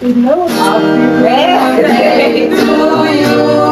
You know Happy birthday to you.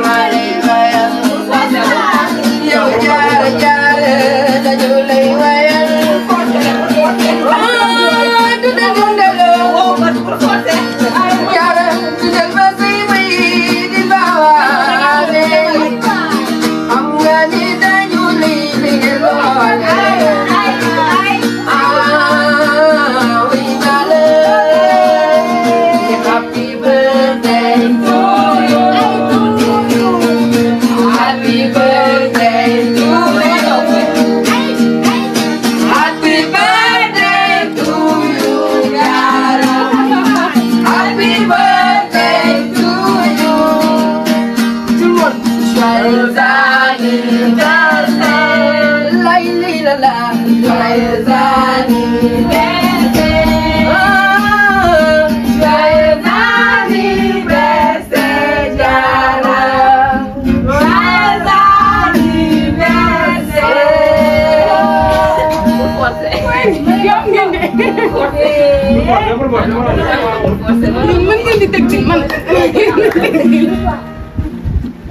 di teg man.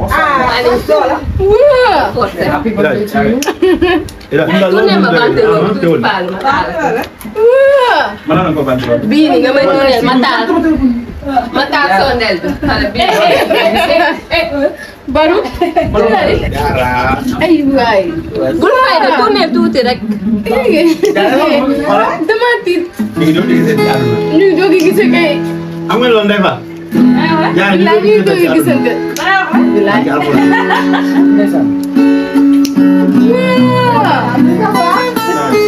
ah Aliou Sow la. waaw. bii nii nga may dooleel ma taal ma taal sondeel bi. baru. ay waay. bul fay rek tourneel tuuti rek. dama tiit. ñu ngi doog a gisee kay. am nga loolu ndey fa. jaay ñu ngi ñu ngi gisante. bilaay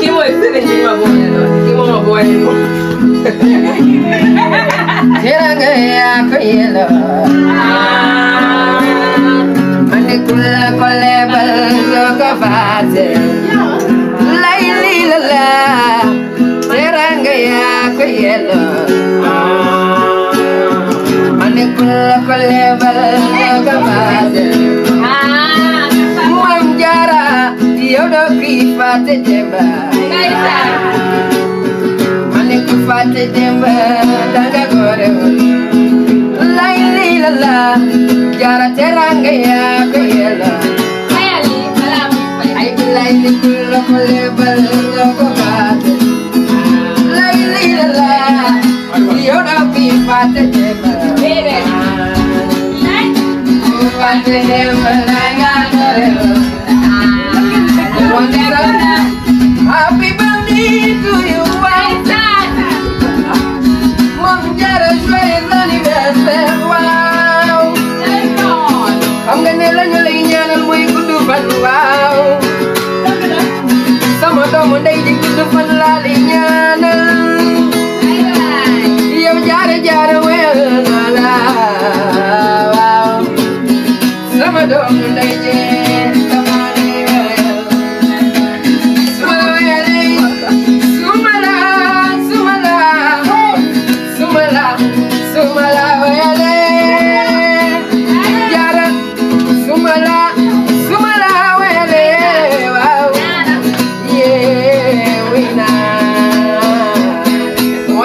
kii mooy sëriñ bi ma boole lool kii moo ma boole moom. teranga yaa ko yelloo. ma ne ku la ko lebal doo ko fàtte. lay lii la la teranga yaa ko yelloo. level-level kafazel Mam jara yow doo kii fàtte Demba ma ne ku fàtte Demba danga gore wul lay lay la la jara teranga yaa ko yella ay bilay ni ku la mu lebal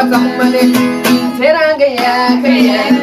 moo tax ma ne teranga yaa ko yaa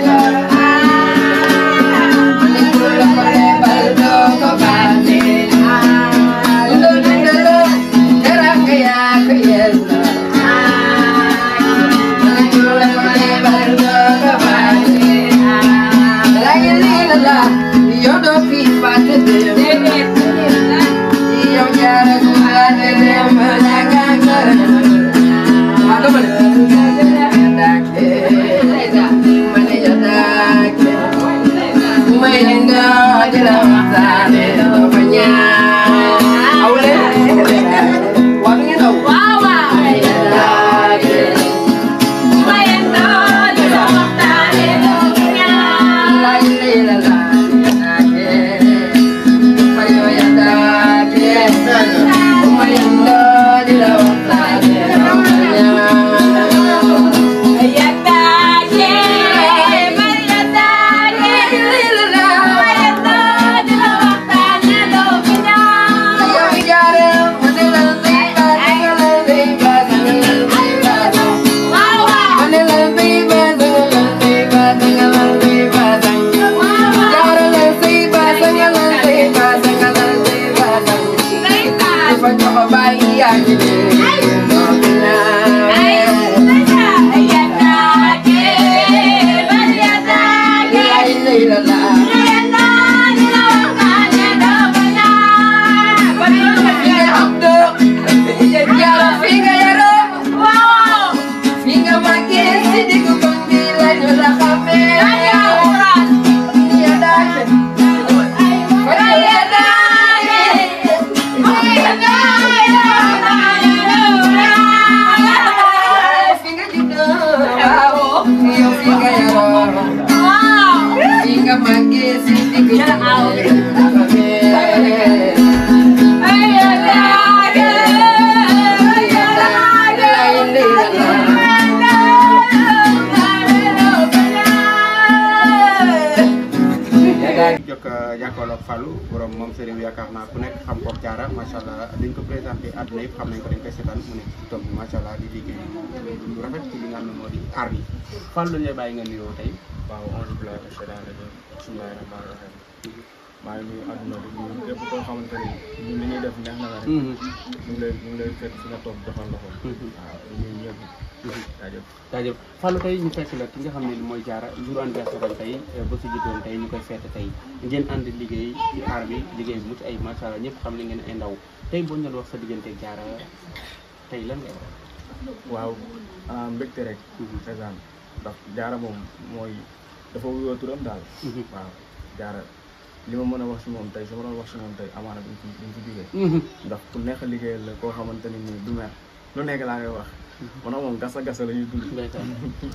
naa ku nekk xam Pape Diarra macha allah dañ ko présenté àdduna yëpp xam nañ ko dañ koy seetaan mu nekk ci tool allah di liggéey lu rafet ci li nga xam ne moo di aar bi Fall lañ lay bàyyi nga nuyoo tey. waaw on se maa ngi àdduna bi ñu képp koo xamante ni ñun li def neex na la rek. Mm-hmm. ñu ngi lay ñu ngi lay fekk fi nga toog defal la mm-hmm. mm-hmm. ñu fekk la ki nga xam ne ni mooy jaara jur anniversaire am tey eh, ba su juddoon tey ñu koy fête tey ngeen ànd liggéey ci aar bi liggéey bu mucc ay macha ñëpp xam ne ngeen ay ndaw tey boo ñu wax sa diggante jaara tey la nga wax. waaw ah, mbégte rek. présent ndax jaara moom mooy dafa wuyoo turam daal. waaw jaara. li ma mën a wax si moom tay su ma doon wax si moom tey amaana duñ fi duñ fi jugee. Mhm. lu nekk laa ngay wax. Mhm. man moom gasa gasa la ñuy dund.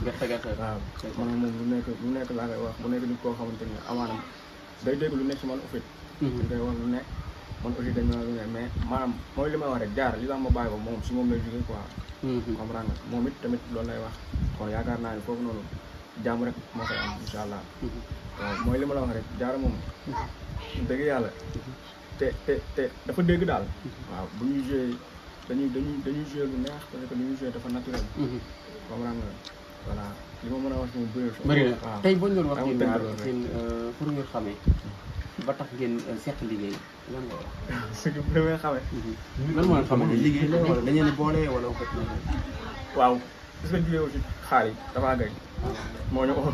gasa gasa waaw man nekk lu nekk laa ngay wax mu nekk nit koo xamante ni amaana day dégg nekk si man ufit. Mhm. dañ koy wax lu nekk man aussi dañ ma lu nekk ma maanaam mooy li may wax rek jaar li tax ma bàyyi ko moom si moom lay jugee quoi. comprendre nga moom it tamit loolu lay wax kon yaakaar naa ne foofu noonu. jàmm rek moo koy am incha allah mhm. mooy li ma la wax rek jaara moom mhm. dëgg yàlla mhm. te te te dafa dégg daal waaw bu ñuy joué dañuy dañuy dañuy joué lu neex parce que li ñuy joué dafa naturel comprendre nga voilà li ma mën a wax moom bëri na tey boo ñu doon wax yéen ñaar euh, seen pour ñu ba tax ngeen euh, seq liggéey lan nga wax c'est que bu demee liggéey la wala dañu leen boole wala waaw bis nga jugee wu ci dafa gay moo ñu oo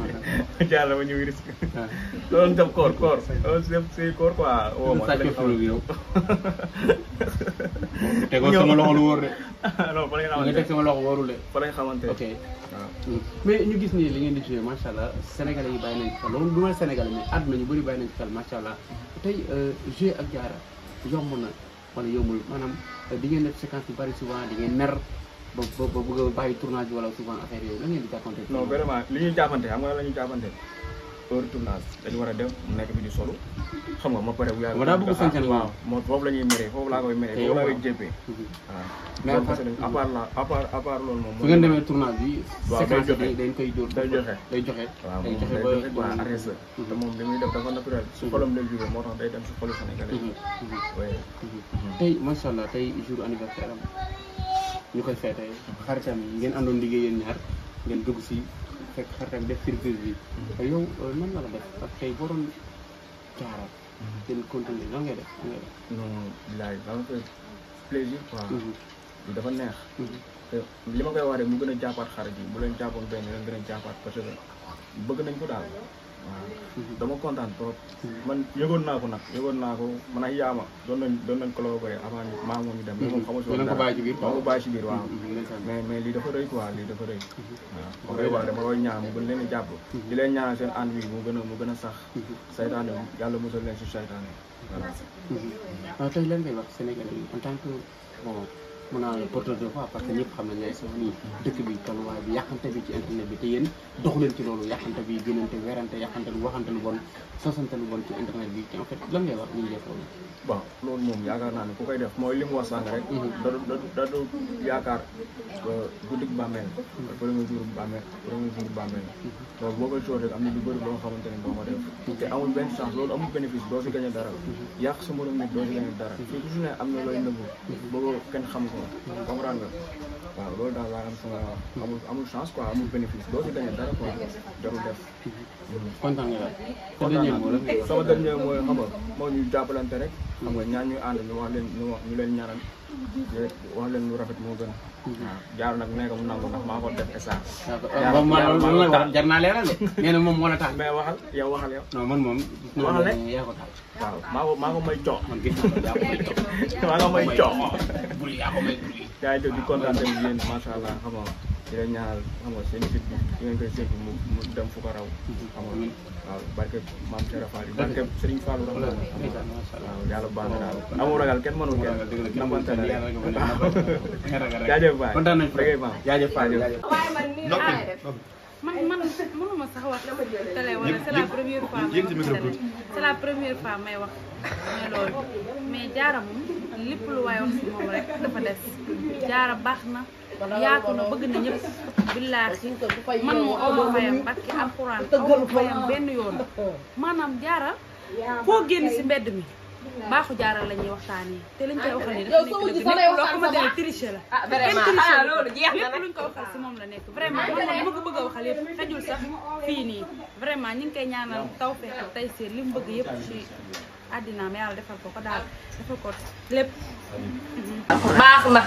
jàll ah. ma ñëw risque loolu dem sama loxo lu wóor de non fa lañ xamante nga teg lañ xamante ok waaw mais ñu gis nii li ngeen di joué macha allah sénégalais yi bàyyi nañ ci xel loolu du ma sénégalais mais àdduna ñu bëri bàyyi nañ ci xel macha allah tey euh, joué ak jaara yomb na wala yombul maanaam euh, di ngeen def séquence yu bëri souvent di ngeen mer ba ba ba bëgg a bàyyi tournage wala souvent affaire yooyu la ngeen di jàppante. non vraiment li ñuy jàppante xam nga lan la ñuy jàppante heure tournage dañu war a dem mu nekk bi di solo xam nga ma pare. ma daa bëgg sànqal waaw moom foofu la ñuy meree foofu laa koy meree. foofu laa koy jéppee. waaw mais parce que euh, à part la à part à part loolu moom. su ngeen demee tournage bi. waaw day joxe séquence dañ koy jox day joxe. day joxe waaw moom day joxe quoi arrêté. Mhm. te moom li muy def dafa naturel. su mhm. xolam lay jógee moo tax day dem su xolu Sénégalais. Mhm. oui. tey macha allah tey jour anniversaire am. ñu koy feete xaritam yi ngeen àndoon liggéey yéen ñaar ngeen dugg si fekk xaritam def surprise bi mm-hmm. yow euh, nan la la def parce que boo doon jaaral mm-hmm. ngeen continuer lan ngay def lan ngay def non bilaay ba nga koy plaisir quoi li mm-hmm. dafa neex li ma koy waree mu gën a jàppaat xarit yi bu leen jàppoon benn leen gën a jàppaat parce que bëgg nañ ko daal dama kontaan yëgoon naa ko nag yëgoon naa ko man ak yaama doon nañ doon nañ collaborer avant ñu maa ngi dem. moom xamul si woon dara ko bàyyi ci biir waaw. Mhm. lii dafa rëy quoi lii dafa rëy. Mhm. waaw koy ñaan mu gën leen a jàpp. Mhm. di leen ñaanal seen ànd bi mu gën a mu gën a sax. saytaan yow yàlla musal leen si saytaan yi voilà. Ah, tey lan ngay wax Sénégalais yi en tant que bon. mun naa la porteur de voix parce que ñëpp xam nañ ne sax nii dëkk bi tolluwaay bi yàqante bi ci internet bi te yéen doxu leen ci loolu yàqante bi gënante werante yàqante lu waxante lu bon sosante lu bon ci internet bi te en fait lan ngay wax ñu ngi def loolu bon loolu moom yaakaar naa ne ku koy def mooy li mu wax sànq rek mhm. da da du yaakaar euh, guddig bàmmeel premier jour bàmmeel premier jour bàmmeel donc boo koy coot rek am na lu bëri loo xamante ne boo ko def mhm. te amul benn chance loolu amul bénéfice doo si gagné dara mhm. yàq sa mbooloo nit doo si gagné dara fii toujours ne am na looy nëbbu boo ko kenn xam ko comprendre nga waaw loolu daal laa am sama amul amul chance quoi amul bénéfice doo ci gagné dara quoi jarul def. kontaan nga daal. kontaan sama dernier mooy xam nga moo ñu jàppalante rek. xam nga ñu ànd ñu wax leen ñu leen ñaanal. wax leen lu rafet moo gën. waaw jaaru nag nee ko moom la wax naa leeral moo la tax. mais waxal yow waxal yow. non man moom. waxal rek yaa ko tax. maa ko maa ko may coox. man may coox. maa ko may coox. bul allah di la ñaanal xam nga seen fit bi fi ngeen koy séntu mu mu dem fu ko raw. xam waaw barke maam Serap Fall barke Serigne Fallou Rahman na daal amoo ragal kenn kenn nambante na rek jaajëf man man man mënuma sax wax télé wala la première fois may wax télé c'est la première fois wax si moom rek dafa des jaara baax na yaatu na bëgg na ñëpp billaahi man mu aw ma fayam barki alxuraan aw ma fayam benn yoon maanaam jaara foo génn si mbedd mi baaxu jaaral la ñuy waxtaanee te liñ koy waxal nii dafa nekk loo xamante ne triche la. ah vraiment ah loolu jeex na ko waxal si moom la nekk vraiment man ma ko bëgg a waxal yëpp xajul sax fii nii vraiment ñu ngi koy ñaanal tawfeex ak tayseer li mu bëgg yëpp ci. àddinaam yàlla defal ko ko daal defal baax na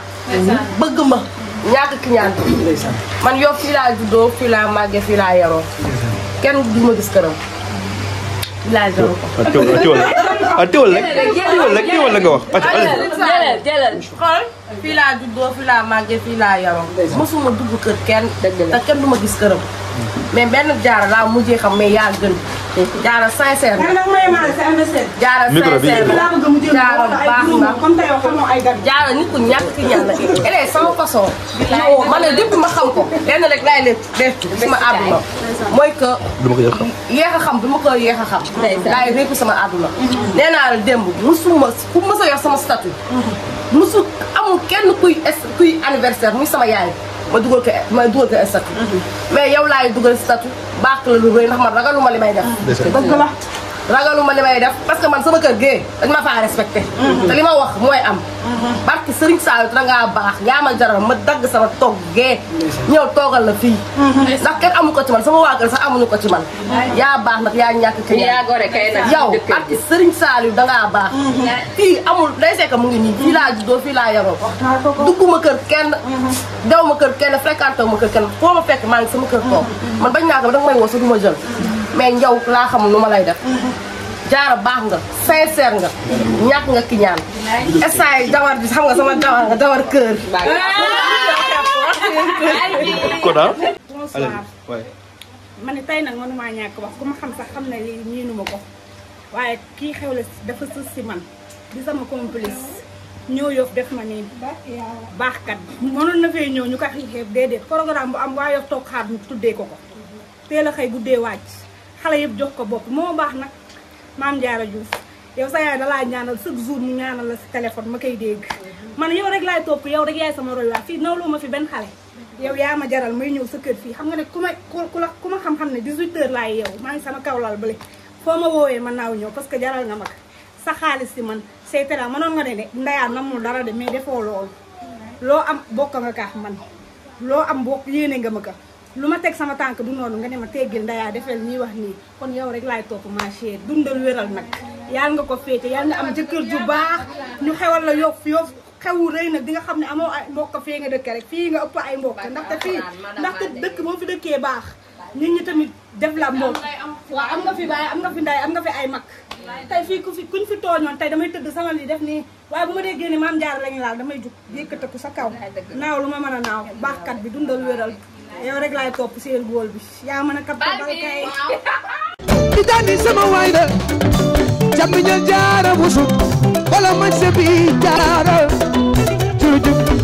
bëgg ma ñàkk ki ñaan man yow fii laa juddoo fii laa màggee fii laa yaroo kenn du ma gis këram laa jarul ko ah, teewal ah, ah, rek teewal fii laa juddoo fii laa màggee fii laa yaroo mosuma dugg kër kenn te kenn du ma gis këram mais benn jaar laa mujjee xam mais yaa gën jaara sincère na. jaara sincère na jaara baax na jaara nit ku ñàkk ki ñaan la. elle sama façon. ma ne depuis ma xam ko lenn rek laay leen def sama àdduna mooy que. du ma ko yéex a xam yéex a xam du ma ko yéex a xam. laay réeku sama àdduna. nee naa la démb musuma ku mës a yor sama statut. musu amul kenn kuy kuy anniversaire muy sama yaay. ma dugal ko ma dugal ko statut mhm. mais yow laay dugal statut baax la lu rëy ndax man ragaluma li may def dëgg la ragaluma ma may def parce que man sama kër gee dañ ma faa respecté. Mhm. te li ma wax mooy am. Mhm. barki Serigne Saliou da ngaa baax yaa ma jaral ma dagg sama toog gee. ñëw toogal la fii. Mhm. ndax kenn amu ko ci man sama waa kër sax amuñu ko ci man. yaa baax nag yaa ñàkk ci yaa gore kay nag yow barki Serigne da ngaa baax. fii amul day sekk mu ngi nii fii laa juddoo fii laa yaroo. ma kër kenn. dew ma kër kenn fréquenté ma kër kenn foo ma fekk maa ngi sama kër toog. man bañ naa ko ba danga may woo sax du ma mais yow laa xamul nu ma lay def. jaara baax nga sincère nga. ñàkk nga ki ñaan. instant jawar bi xam nga sama jawar nga jawar kër. Koda. bonsoir. ma ne tey nag mënumaa ñàkk wax ku ma xam sax xam ne lii ko waaye kii xew la dafa sës si man di sama complice ñëw yof def ma nii baaxkat mënoon na fee ñëw ñu ko xeeb déedéet programme bu am waaye yof toog xaar tuddee ko ko teel a xëy guddee wàcc. xale yëpp jox ko bopp moo baax nag maam Diarra Diouf yow sa yaay dalaa ñaanal sa jour mu ñaanal la si téléphone ma koy dégg man yow rek laay topp yow rek yaay sama roy waa fii nawloo ma fi benn xale yow yaa ma jaral may ñëw sa kër fii xam nga ne ku ma ku la ku ma xam-xam ne 18 heures laay yow maa ngi sama kawlal bële foo ma woowee mën naaw ñëw parce que jaral nga mag sa xaalis si man say tera mënoon nga ne de na namul dara de mais defoo loolu am bokk nga man loo am bokk yéene nga lu ma teg sama tànk du noonu nga ne ma teggil ndayaa defeel ñuy wax nii kon yow rek laay topp ma dundal wéral nag yàlla nga ko féete yàlla nga am jëkkër ju baax ñu xewal la fi yof xewu rëy nag di nga xam ne amoo ay mbokk fee nga dëkk rek fii nga ëpp ay mbokk ndaxte fii te dëkk boo fi dëkkee baax nit ñi tamit def la mbokk waaw am nga fi baay am nga fi ndaay am nga fi ay mag tey fii ku fi ku ñu fi tooñoon tey damay tëdd sama li def nii waaye bu ma déggee ni maam jaar lañu laal damay jug yëkkataku sa kaw naaw lu ma mën naaw baaxkat bi dundal wéral yow rek laay topp seen góol bi yaa mën a kaptabal kay di daani sama waay la jàmm ñal jaara busut wala man sa bi jaara jurujub